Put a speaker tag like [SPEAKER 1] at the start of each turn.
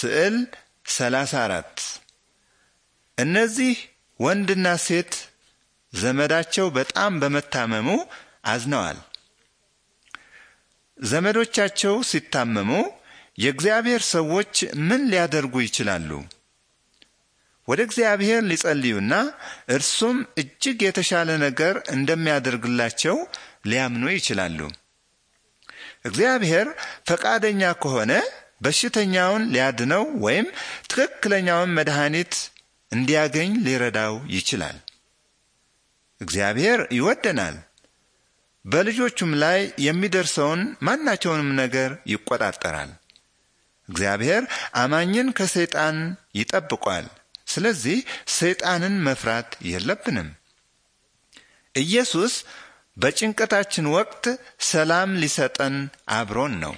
[SPEAKER 1] ስዕል 34 እነዚህ ወንድና ሴት ዘመዳቸው በጣም በመታመሙ አዝነዋል። ዘመዶቻቸው ሲታመሙ የእግዚአብሔር ሰዎች ምን ሊያደርጉ ይችላሉ? ወደ እግዚአብሔር ሊጸልዩና እርሱም እጅግ የተሻለ ነገር እንደሚያደርግላቸው ሊያምኑ ይችላሉ። እግዚአብሔር ፈቃደኛ ከሆነ በሽተኛውን ሊያድነው ወይም ትክክለኛውን መድኃኒት እንዲያገኝ ሊረዳው ይችላል። እግዚአብሔር ይወደናል። በልጆቹም ላይ የሚደርሰውን ማናቸውንም ነገር ይቆጣጠራል። እግዚአብሔር አማኝን ከሰይጣን ይጠብቋል። ስለዚህ ሰይጣንን መፍራት የለብንም። ኢየሱስ በጭንቀታችን ወቅት ሰላም ሊሰጠን አብሮን ነው።